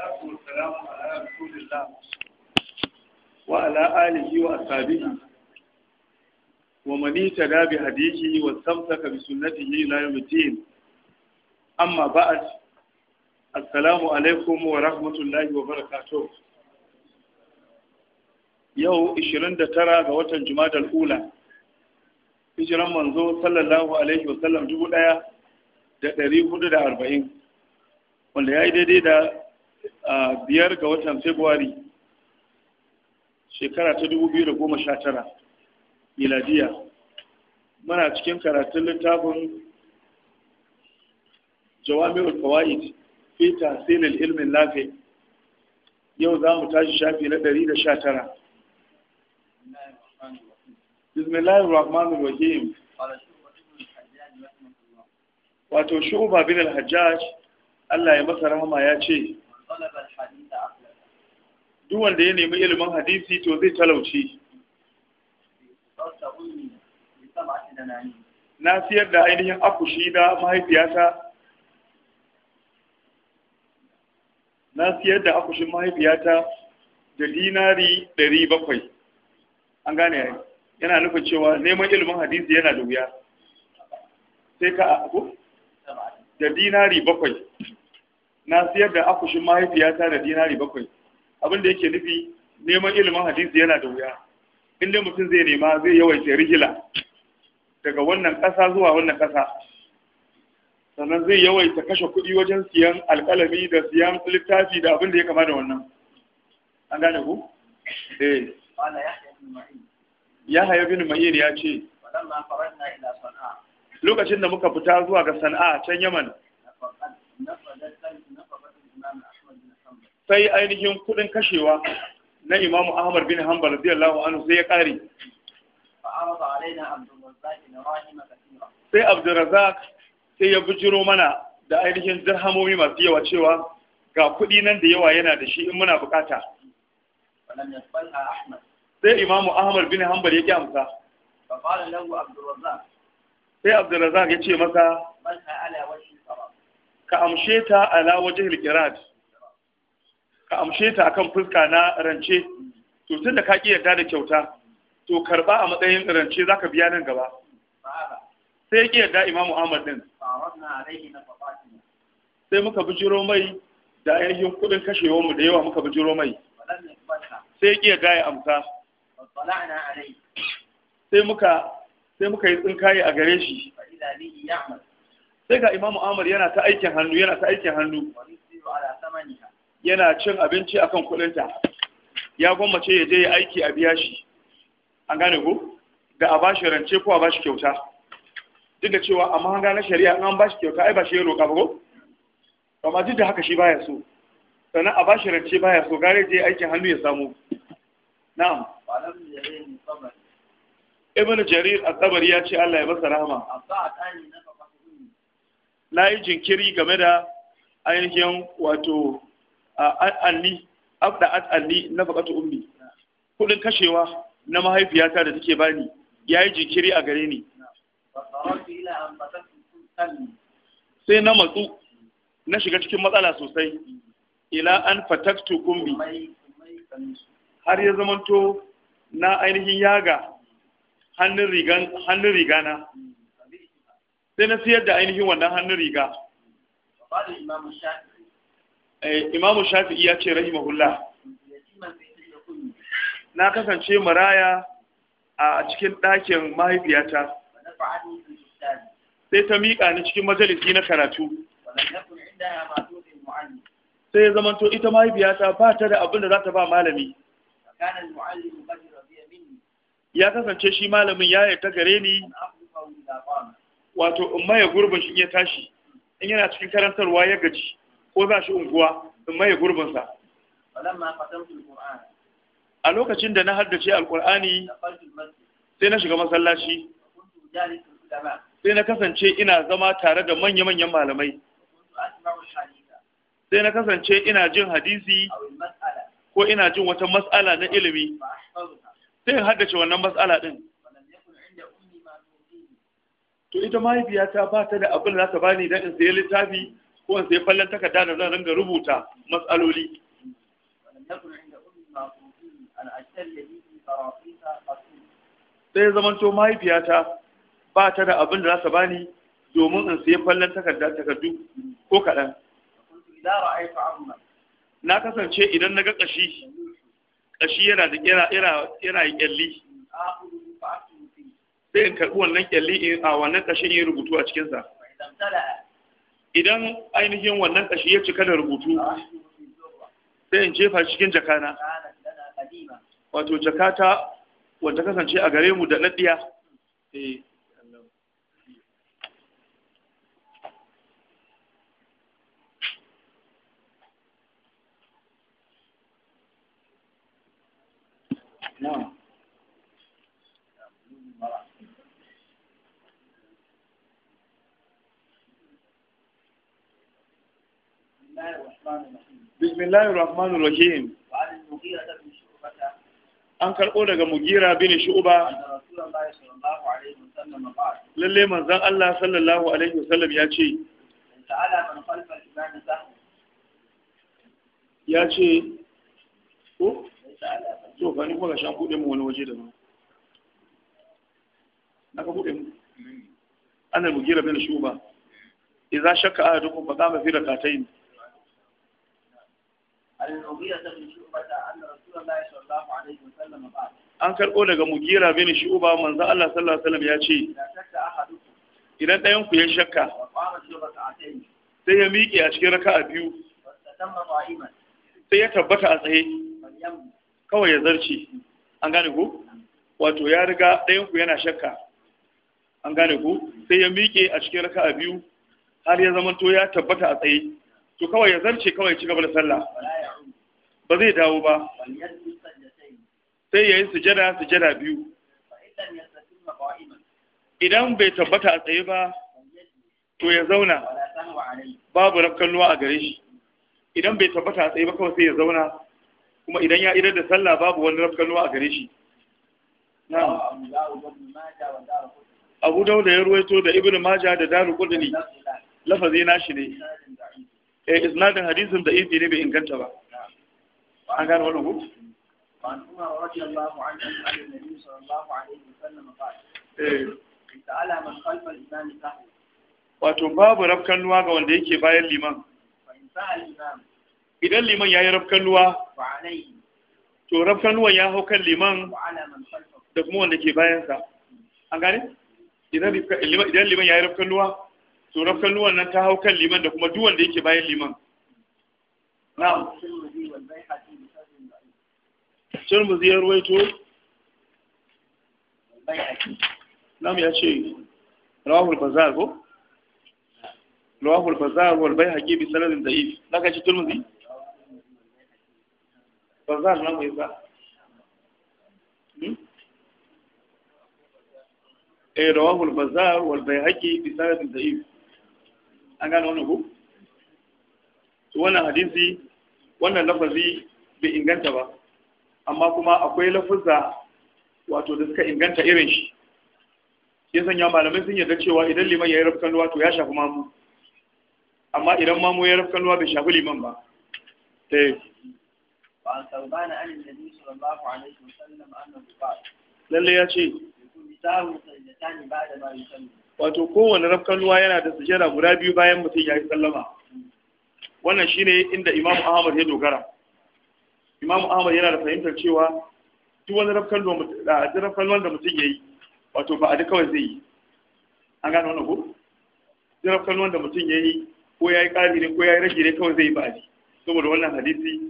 salatu wa salamu ala rasulillah wa ala alihi wa ashabihi wa man ittaba bi hadihi wa istamsaka bi sunnatihi ila yawm al-din amma ba'd assalamu alaikum wa rahmatullahi wa yau ga watan jumadal Hula, hijiran manzo sallallahu alaihi wa dubu daya da ɗari hudu da arba'in wanda ya yi daidai da biyar ga watan februari shekara ta dubu biyu da goma tara miladiya muna cikin karatun littafin jawami'ul fawaid fita tahsilil ilmin lafi yau za mu tashi shafi na da sha tara bismillahir rahmanir rahim wato shu'ba bin al-hajjaj Allah ya masa rahama ya ce duk wanda ya nemi ilimin hadisi to zai talauci na siyar da ainihin akushi da mahaifiyata na siyar da akushin mahaifiyata da dinari 700 an gane yayi yana nufin cewa neman ilimin hadisi yana da wuya sai ka da dinari bakwai na siyar da akushin mahaifiyata da dinari bakwai abin da yake nufi neman ilimin hadisi yana da wuya in dai mutum zai nema zai yawaita rigila daga wannan ƙasa zuwa wannan ƙasa sannan zai yawaita kashe kuɗi wajen siyan alƙalami da siyan littafi da abin da ya kama da wannan an gane ku? eh ya haya bin ma'ir ya ce lokacin da muka fita zuwa ga sana'a can yaman sai ainihin kudin kashewa na Imam Ahmad bin Hanbal radiyallahu anhu sai ya kare sai abdurrazak sai ya bujiro mana da ainihin dirhamomi masu yawa cewa ga kudi nan da yawa yana da shi in muna bukata sai Imam Ahmad bin Hanbal ya kyamsa sai abdurrazak ya ce masa ka amshe ta ala wajen qira'at ka amshe ta akan fuska na rance to tun da ka ki yarda da kyauta to karba a matsayin rance zaka biya nan gaba sai ki yarda Imam Ahmad din sai muka bijiro mai da ainihin kudin kashewar mu da yawa muka bijiro mai sai ki yarda ya amsa sai muka sai muka yi tsinkaye a gare shi sai ga Imam Ahmad yana ta aikin hannu yana ta aikin hannu yana cin abinci akan kuɗinta ya gwammace ya je ya aiki a biya shi an gane ko da a bashi rance ko a bashi kyauta duk da cewa amma an gane shari'a an bashi kyauta ai ba shi ya roƙa ba ko amma duk da haka shi baya so sannan a bashi rance baya so gare je aikin hannu ya samu na'am ibn jarir at-tabari ya ce Allah ya masa rahama na yi jinkiri game da ainihin wato anni abda'at na nafaqatu ummi kudin kashewa na mahaifiyata da take bani yayi jikiri a gare ni sai na matsu na shiga cikin matsala sosai ila an fataktu kumbi har ya zamanto na ainihin yaga hannun rigana sai na siyar da ainihin wannan hannun riga Eh, imamu shafi'i ya ce rahimahullah na kasance maraya a cikin ɗakin mahaifiyata sai ta miƙa ni cikin majalisi na karatu sai ya zamanto ita mahaifiyata ba ta da abinda da za ta ba malami ya kasance shi malamin ya ta gare ni wato Umar ya gurbin shi ya tashi in yana cikin karantarwa ya gaji ko ba shi unguwa in maye gurbinsa a lokacin da na haddace alkur'ani sai na shiga masallaci sai na kasance ina zama tare da manya-manyan malamai sai na kasance ina jin hadisi ko ina jin wata mas'ala na ilimi sai in haddace wannan mas'ala ɗin. to ita mahaifiyata ba ta da abin da za ta bani don in sayi littafi ko in sai fallon takarda da zan ringa rubuta matsaloli sai ya zamanto mahaifiyata ba ta da abin da za ta bani domin in sai fallon takarda takardu ko kaɗan na kasance idan na ga ƙashi ƙashi yana da yana ƙyalli sai in karɓi wannan ƙyalli a wannan ƙashi in rubutu a cikinsa idan ainihin wannan kashi ya cika da rubutu sai in jefa cikin jakana wato jakata wata kasance a gare mu da laddiya eh. No. bismillahir rahmanir rahim an karɓo daga mugira bin shu'ba lalle manzon Allah sallallahu alaihi wasallam ya ce ya ce ko to ba ni kuma shan kuɗe mu wani waje da na ka kuɗe mu an al mugira bin shu'ba idza shakka ahadukum faqama fi rak'atayn an karɓo daga mugira bin shuba manzo Allah sallallahu alaihi wasallam ya ce idan ɗayan ku ya shakka sai ya miƙe a cikin raka'a biyu sai ya tabbata a tsaye kawai ya zarce an gane ku wato ya riga ɗayan ku yana shakka an gane ku sai ya miƙe a cikin raka'a biyu har ya zamanto ya tabbata a tsaye to kawai ya zarce kawai ya ci gaba da sallah ba zai dawo ba sai ya yi sujada sujada biyu idan bai tabbata a tsaye ba to ya zauna babu rafkan a gare shi idan bai tabbata a tsaye ba kawai sai ya zauna kuma idan ya idar da sallah babu wani rafkan a gare shi abu da ya ruwaito da ibn maja da daru kudini lafazi nashi ne eh isnadin hadisin da izi ne bai inganta ba ba an gane wannan رضي الله عنه عن النبي صلى الله عليه وسلم قال: "سأل من خلف الإمام سهوا wato babu rafkan ruwa ga wanda yake bayan liman idan liman ya yi rafkan ruwa to rafkan ruwan ya hau kan liman da kuma wanda ke bayansa an gane idan liman ya yi rafkan ruwa to rafkan ruwan nan ta hau kan liman da kuma duk wanda yake bayan liman na'am turmuzi ya waito? nam ya ce Rahul bazar ko rawahul bazar wal baihaqi bi da yi, naka ce turmuzi bazar nan mai ba hmm? eh rawahul bazar wal baihaqi bi da yi, an gane wannan ko wannan hadisi wannan lafazi bai inganta ba amma kuma akwai lafuzza wato da suka inganta irin shi ya sanya malamai sun yarda cewa idan liman ya yi rafkan ruwa to ya shafi mamu amma idan mamu ya yi rafkan ruwa bai shafi liman ba eh. lallai ya ce wato kowane rafkan ruwa yana da sujera guda biyu bayan mutum ya yi sallama wannan shine inda imamu ahmad ya dogara imamu ahmad yana da fahimtar cewa duk wani rafkan da mutum ya yi wato ba a da kawai zai yi an gano wani ko duk rafkan da mutum ya yi ko ya yi ƙari ne ko ya yi rage ne kawai zai yi ba a saboda wannan hadisi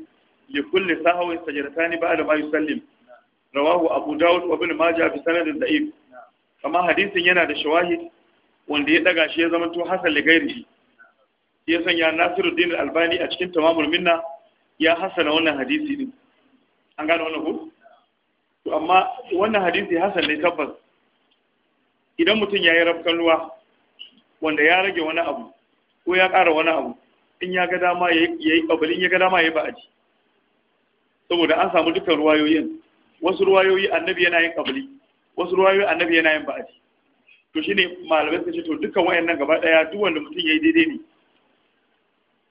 ya kulle li kulli sahawin sajadatani da ma yusallim rawahu abu dawud wa ibn majah bi sanadin da'if amma hadisin yana da shawahid wanda ya daga shi ya zama to hasan li ghairihi ya sanya nasiruddin albani a cikin tamamul minna ya hasana wannan hadisi din an gane wannan ku. to amma wannan hadisi hasan ne tabbas idan mutum ya yi rafkan ruwa wanda ya rage wani abu ko ya ƙara wani abu in ya ga dama ya yi ƙabalin ya ga dama ya yi ba'aji saboda an samu dukkan ruwayoyin wasu ruwayoyi annabi yana yin ƙabali wasu ruwayoyi annabi yana yin ba'aji to shine malamai suka ce to dukkan nan gaba ɗaya duk wanda mutum ya yi daidai ne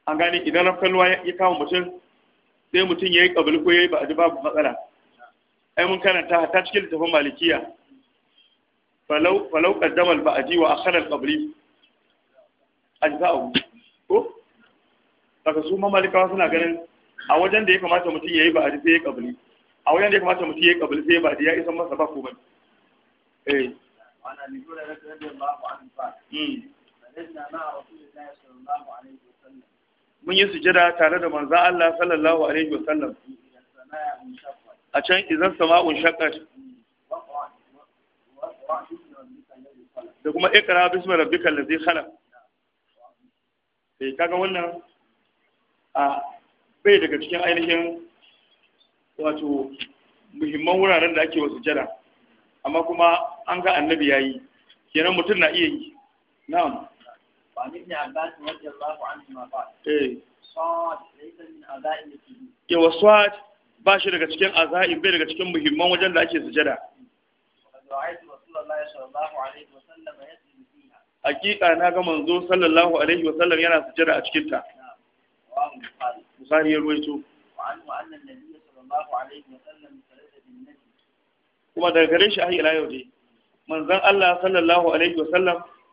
an gane idan rafkan ruwa ya kama mutum sai mutum ya yi ƙabali ko ya yi ba'adi babu matsala ai mun karanta ta cikin littafin malikiya falau ƙaddamar qaddama al-ba'di wa a al-qabli ajza'u ko daga su mamalikawa suna ganin a wajen da ya kamata mutum ya yi ba'adi sai ya ƙabali a wajen da ya kamata mutum ya yi ƙabali sai ya ba'adi ya isa masa ba ko eh ana ni dole da da ba ku an fa na mun yi sujada tare da manza Allah sallallahu alaihi wasallam a can idan sama'un shaqqat da kuma ikra bismi rabbikal ladzi khalaq sai eh, kaga wannan a bai daga cikin ainihin wato muhimman wuraren da ake wa sujada amma kuma an ga annabi yayi kenan mutum na iya yi na'am وعن ابن عباس رضي الله عنهما قال صاد ليس من ba shi daga cikin azain bai daga cikin muhimman wajen da ake sujada hakika na ga manzo sallallahu alaihi wa sallam yana sujada a cikin ta bukhari ya ruwaito kuma daga gare shi ahi ila yau dai manzon Allah sallallahu alaihi wa sallam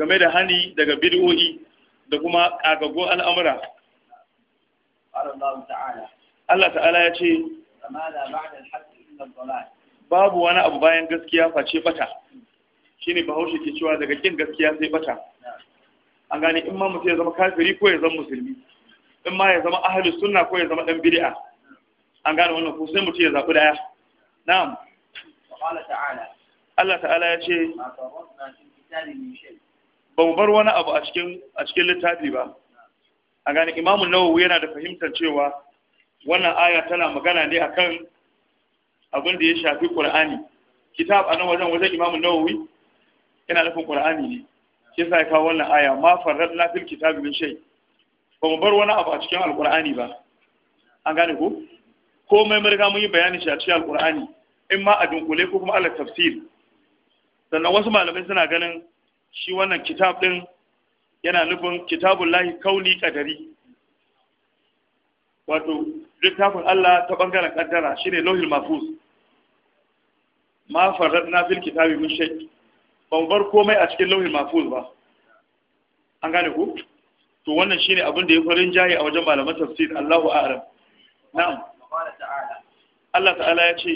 game da hani daga bid'o'i da kuma kagaggo al'amura Allah ta'ala ya ce babu wani abu bayan gaskiya face bata ne bahaushe ke cewa daga kin gaskiya sai bata an gani in ma mutum ya zama kafiri ko ya zama musulmi in ma ya zama ahalus sunna ko ya zama dan bid'a an gani wannan ko sai mutum ya zabi daya na'am Allah ta'ala ya ce ba mu bar wani abu a cikin littafi ba a gane imamun nawawi yana da fahimtar cewa wannan aya tana magana ne akan abin da ya shafi qur'ani kitab a nan wajen wajen imamun nawawi yana nufin qur'ani ne shi sa ya kawo wannan aya ma farradna fil kitabi min shay ba mu bar wani abu a cikin alqur'ani ba an gane ko ko mun murga mun yi bayani shi a cikin alqur'ani in ma a dunkule ko kuma ala tafsir sannan wasu malamai suna ganin shi wannan kitab din yana nufin kitabullahi kauli kadari wato littafin Allah ta bangaren kaddara shine lohil mahfuz ma na fil kitabi min shay ban bar komai a cikin lohil mahfuz ba an gane ku to wannan shine abin da ya farin jaye a wajen malaman tafsir Allahu a'lam na'am Allah ta'ala ya ce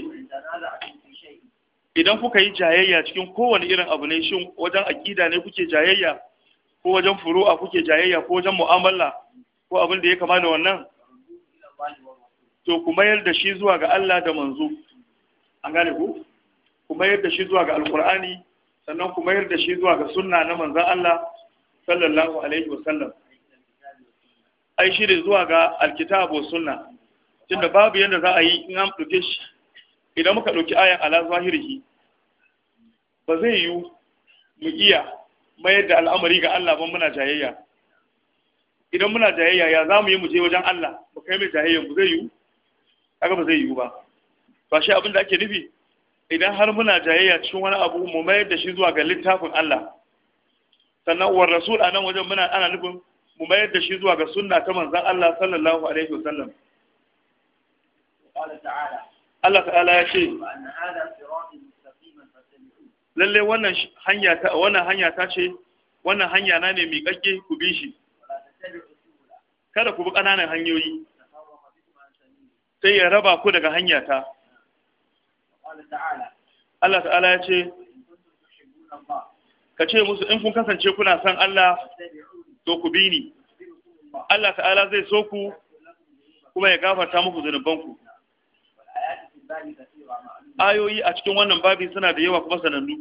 idan kuka yi jayayya cikin kowane irin abu ne shin wajen aƙida ne kuke jayayya ko wajen furu'a kuke jayayya ko wajen mu'amala ko abin da ya kama da wannan to ku mayar da shi zuwa ga Allah da manzo an gane ku ku mayar da shi zuwa ga alkur'ani sannan ku mayar da shi zuwa ga sunna na manzon Allah sallallahu alaihi wa sallam ai shi da zuwa ga alkitabu sunna tunda babu yanda za a yi in an ɗauke shi idan muka ɗauki ayan ala zahirihi ba zai yiwu mu iya mayar da al'amari ga Allah ban muna jayayya idan muna jayayya ya za mu yi muje wajen Allah mu kai mai jayayya mu zai yiwu aka ba zai yiwu ba ba shi abin da ake nufi idan har muna jayayya cikin wani abu mu mayar da shi zuwa ga littafin Allah sannan uwar rasul a nan wajen muna ana nufin mu mayar da shi zuwa ga sunna ta manzon Allah sallallahu alaihi wasallam ta'ala Allah ta'ala ya ce lalle wannan hanya ta wannan hanya ta ce wannan hanya na ne miƙaƙƙe ku bi shi kada ku bi ƙananan hanyoyi sai ya raba ku daga hanya ta Allah ta'ala ya ce ka ce musu in kun kasance kuna son Allah to ku bi ni Allah ta'ala zai so ku kuma ya gafarta muku zunubanku ayoyi a cikin wannan babi suna da yawa kuma sanannu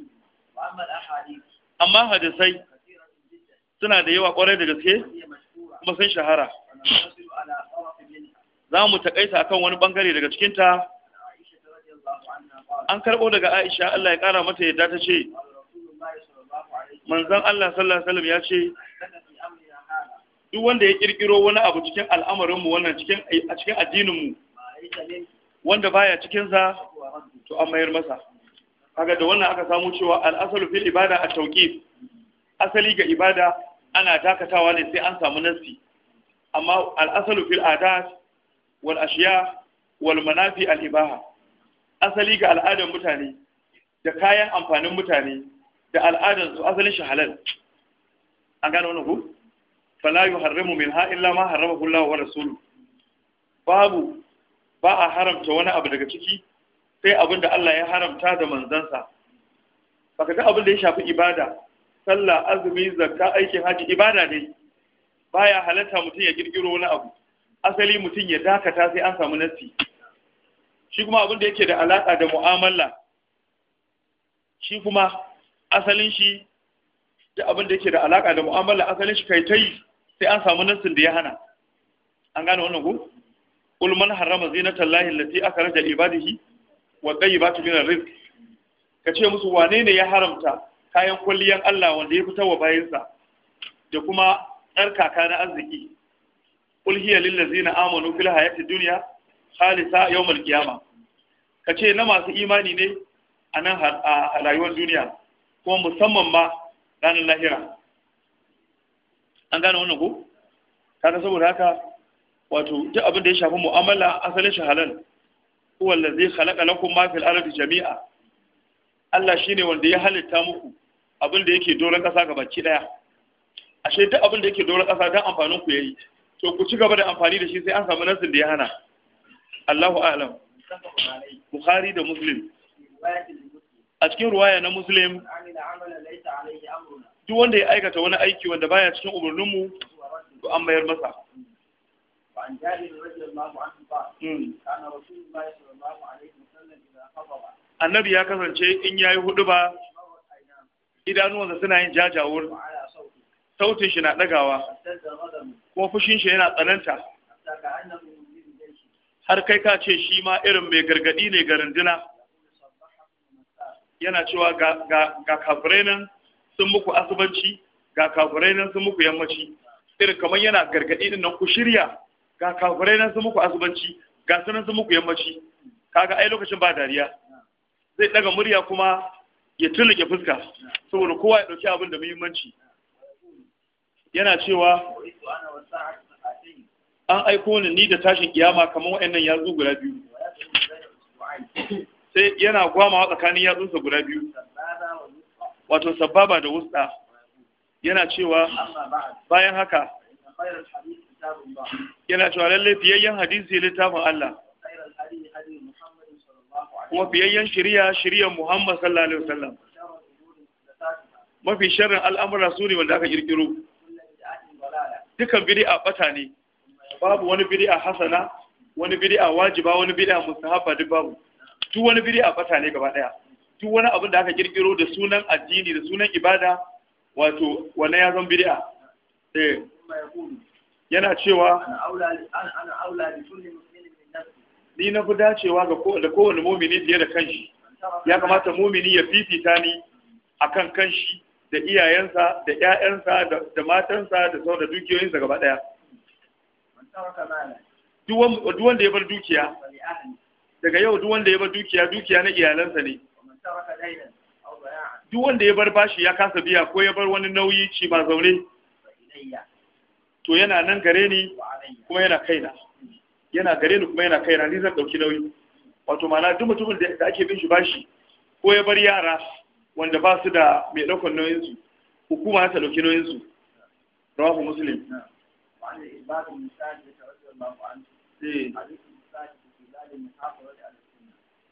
amma hadisai suna da yawa kwarai da gaske kuma sun shahara za mu taƙaita akan wani bangare daga cikinta an karɓo daga aisha Allah ya ƙara mata yadda ta ce manzon Allah sallallahu alaihi wasallam ya ce duk wanda ya kirkiro wani abu cikin al'amarinmu wannan cikin addininmu wanda baya cikin sa to an mayar masa kaga da wannan aka samu cewa al-asalu fil ibada a tawqif asali ga ibada ana dakatawa ne sai an samu nassi amma al fil adat wal ashiya wal manafi al-ibaha asali ga al'adar mutane da kayan amfanin mutane da al'adar su asalin shi halal an gano wannan ku fala yuharrimu minha illa ma harramahu Allah wa rasuluhu babu ba a haramta wani abu daga ciki sai abin da Allah ya haramta da manzansa baka ga abin da ya shafi ibada sallah azumi zakka aikin haji ibada ne baya halatta mutum ya girgiro wani abu asali mutum ya dakata sai an samu nasi shi kuma abin da yake da alaka da mu'amala shi kuma asalin shi da abin da yake da alaka da mu'amala asalin shi kai tai sai an samu nasin da ya hana an gane wannan ko kul man harrama zinata allahi allati akhraja li ibadihi wa tayyibatu min ar-rizq kace musu wane ne ya haramta kayan kulliyan Allah wanda ya fitar wa sa da kuma kaka na arziki kul hiya lil ladzina amanu fil hayati dunya khalisa al qiyamah kace na masu imani ne a nan rayuwar duniya kuma musamman ma ranar lahira an gane wannan ko kaga saboda haka wato duk abin da ya shafi mu'amala asalin shi halal huwa allazi khalaqa lakum ma fil ardi jami'a Allah shine wanda ya halitta muku abin da yake doron kasa baki daya ashe duk abin da yake doron kasa dan amfanin ku yayi to ku ci gaba da amfani da shi sai an samu nasin da ya hana Allahu a'lam Bukhari da Muslim a cikin ruwaya na Muslim duk wanda ya aikata wani aiki wanda baya cikin umarninmu to an mayar masa وعن ya kasance in ya yi كان رسول الله idanuwansa suna yin jajawur sautin shi na ɗagawa kuma fushin shi yana tsananta har kai ka ce shi ma irin mai gargaɗi ne ga runduna yana cewa ga kafirai sun muku asubanci ga kafirai sun muku yammaci irin kamar yana gargaɗi din nan ku shirya ga kafirai nan sun muku azubanci ga nan sun muku yammaci kaga ai lokacin ba dariya zai daga murya kuma ya tulike fuska saboda kowa ya dauki abin da muhimmanci yana cewa an aiko ni ni da tashin kiyama kamar wayannan yatsu guda biyu sai yana gwamawa tsakanin yatsunsa guda biyu wato sababa da wusta yana cewa bayan haka yana cewa lallai fiyayyen hadisi littafin Allah kuma fiyayyen shirya shirya Muhammad sallallahu alaihi wasallam mafi sharrin al'amura su ne wanda aka kirkiro dukan bid'a bata ne babu wani bid'a hasana wani bid'a wajiba wani bid'a mustahaba duk babu duk wani bid'a bata ne gaba daya duk wani abin da aka kirkiro da sunan addini da sunan ibada wato wani ya zan bid'a eh yana cewa ni na fi dacewa da kowane mumini fiye da kanshi ya kamata mumini ya fifita ni a kan kanshi da iyayensa da 'ya'yansa da matansa da sau da dukiyoyinsa gaba ɗaya duk wanda ya bar dukiya daga yau duk wanda ya bar dukiya dukiya na iyalansa ne duk wanda ya bar bashi ya kasa biya ko ya bar wani nauyi ci ba zaune to yana nan gare ni kuma yana kaina yana gare ni kuma yana kaina ni zan dauki nauyi wato ma'ana duk mutumin da ake bin shi bashi ko ya bar yara wanda ba su da mai ɗaukar nauyin su hukuma ta dauki nauyin su rawahu muslim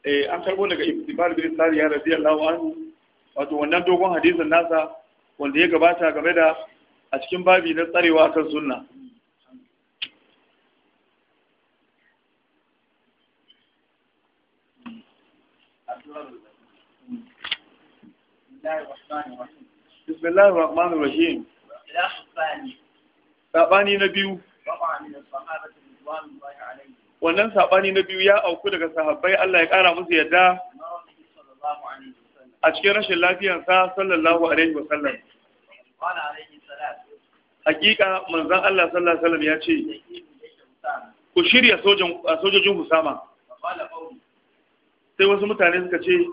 eh, eh an karbo daga ibtibar bin ya radiyallahu anhu wato wannan dogon hadisin nasa wanda ya gabata game da a cikin babi na tsarewa kan sunna بسم الله الرحمن الرحيم saɓani na biyu wannan saɓani na biyu ya auku daga sahabbai Allah ya ƙara musu yadda a cikin rashin lafiyansa sallallahu alaihi wasallam hakika manzan Allah sallallahu alaihi wasallam ya ce ku shirya sojojin Husama. sai wasu mutane suka ce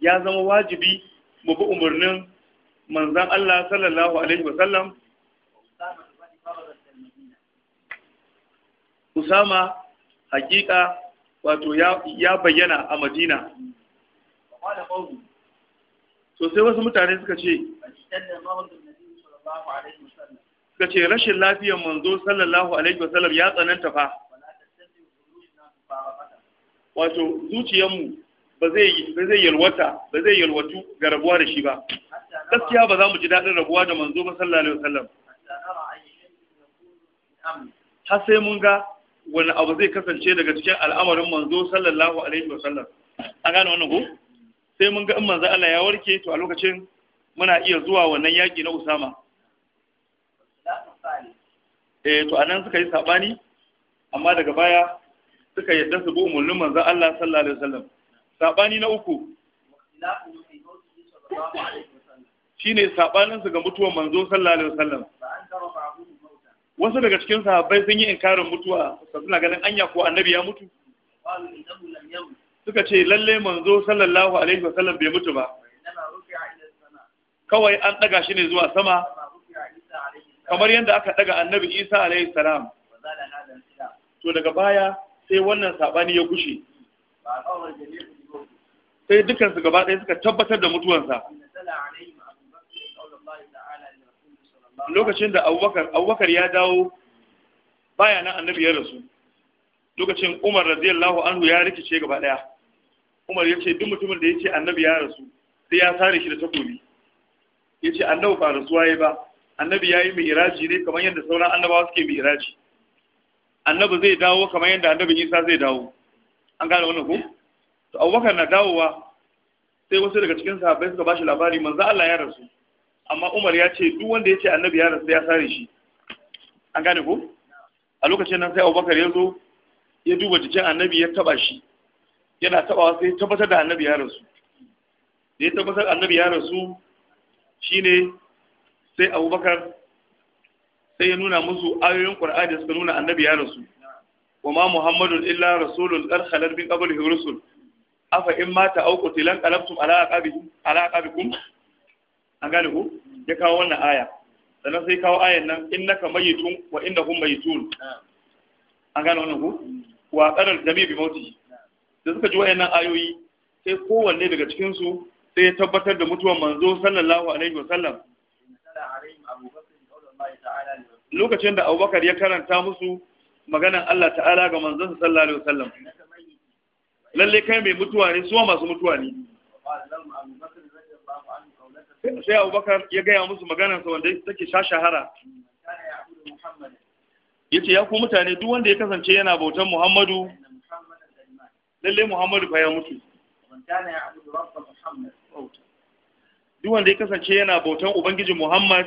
ya zama wajibi mu bi umarnin manzan Allah sallallahu alaihi wasallam Husama hakika wato ya bayyana a Madina so sai wasu mutane suka ce Ka ce rashin lafiyar manzo sallallahu alaihi wasallam ya tsananta fa wato zuciyarmu ba zai yalwata ba zai yalwatu ga rabuwa da shi ba gaskiya ba za mu ji daɗin rabuwa da manzo ba sallallahu alaihi wasallam har sai mun ga wani abu zai kasance daga cikin al'amarin manzo sallallahu alaihi wasallam an gane wannan ko sai mun ga in manzo Allah ya warke to a lokacin muna iya zuwa wannan yaki na Usama eh to anan suka yi sabani amma daga baya suka yadda su bi umarnin manzon Allah sallallahu alaihi wasallam sabani na uku shine sabanin su ga mutuwar manzo sallallahu alaihi wasallam wasu daga cikin sahabbai sun yi inkarin mutuwa suna ganin anya ko annabi ya mutu suka ce lalle manzo sallallahu alaihi wasallam bai mutu ba kawai an daga shi ne zuwa sama kamar yadda aka daga annabi isa alaihi salam to daga baya sai wannan sabani ya gushe sai dukkan su gaba ɗaya suka tabbatar da mutuwansa lokacin da abubakar ya dawo baya na annabi ya rasu lokacin umar radiyallahu anhu ya rikice gaba ɗaya umar ya ce duk mutumin da ya ce annabi ya rasu sai ya sare shi da takobi ya ce annabi ba rasuwa ya ba annabi ya yi mi'iraji ne kamar yadda sauran annabawa suke mi'iraji annabi zai dawo kamar yadda annabi isa zai dawo an gane wannan ko to abubakar na dawowa sai wasu daga cikin sahabbai suka ba shi labari manzo Allah ya rasu amma Umar ya ce duk wanda ya ce annabi ya rasu ya sare shi an gane ko a lokacin nan sai Abubakar ya zo ya duba jikin annabi ya taba shi yana tabawa sai ya tabbatar da annabi ya rasu da ya tabbatar annabi ya rasu shine sai abubakar sai ya nuna musu ayoyin qur'ani da suka nuna annabi ya rasu wa ma muhammadun illa rasulun qad khalat ƙabar qablihi rusul afa in mata aw qutilan qalabtum ala aqabikum ala aqabikum an gane ku ya kawo wannan aya sannan sai kawo ayan nan innaka mayitun wa innahum mayitun an gane wannan ku wa qaral jami bi mauti da suka ji wayannan ayoyi sai kowanne daga cikin su sai ya tabbatar da mutuwar manzo sallallahu alaihi wasallam lokacin da abubakar ya karanta musu maganan Allah ta'ala ga manzansa sallallahu alaihi wasallam lalle kai mai mutuwa ne suwa masu mutuwa ne sai abubakar ya gaya musu maganarsa wanda take sha shahara ya ce ya ku mutane duk wanda ya kasance yana bautan muhammadu lalle muhammadu fa ya mutu duk wanda ya kasance yana bautan Ubangijin muhammad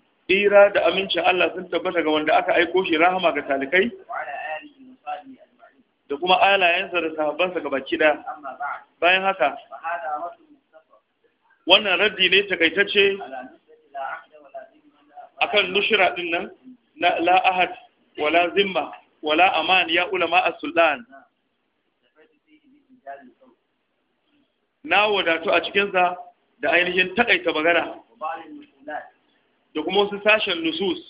tsira da amincin Allah sun tabbata ga wanda aka aiko shi rahama ga talikai da kuma alayensa da sahabbansa ga baki ɗaya bayan haka wannan raddi ne takaitacce akan nushira din nan na la ahad wala zimma wala aman ya ulama a sultan na wadatu a cikinsa da ainihin takaita magana da kuma wasu sashen nusus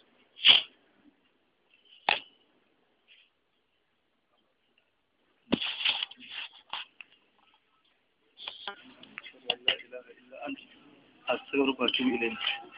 أستغرب وأتوب إليك